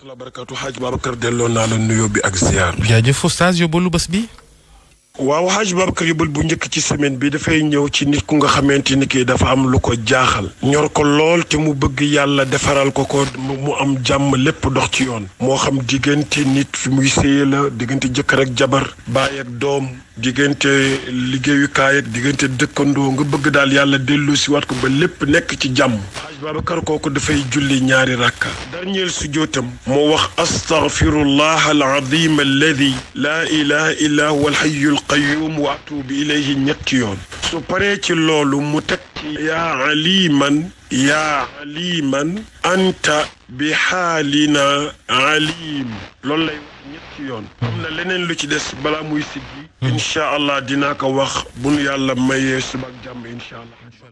rahmatulah barakatu xaaj Babacar delloo naa la nuyoo bi ak ziar. jaajëf oustaz yóbbalu bés bi. waaw xaaj Babacar yóbbal bu njëkk ci semaine bi dafay ñëw ci nit ku nga xamante ni kii dafa am lu ko jaaxal. ñor ko lool te mu bëgg yàlla defaral ko ko mu am jàmm lépp dox ci yoon. moo xam diggante nit fi muy séy la diggante jëkkër ak jabar. baay ak doom. diggante liggéeyukaay ak diggante dëkkandoo nga bëgg daal yàlla dellu si waat ko ba lépp nekk ci jàmm Babacar kooku dafay julli ñaari rakka dernier sujootam moo wax astaghfirullah alazim alladi laa ilaha illa huwa alhayyul qayyum wa atubu ilayhi ñetti yoon su paree ci loolu mu teg ci yaa aliman yaa aliman anta bi xaalina alim loolu lay wax ñetti yoon am na leneen lu ci des balaa muy siggi incha allah dinaa ko wax bu nu yàlla mayee suba ak jàmm incha allah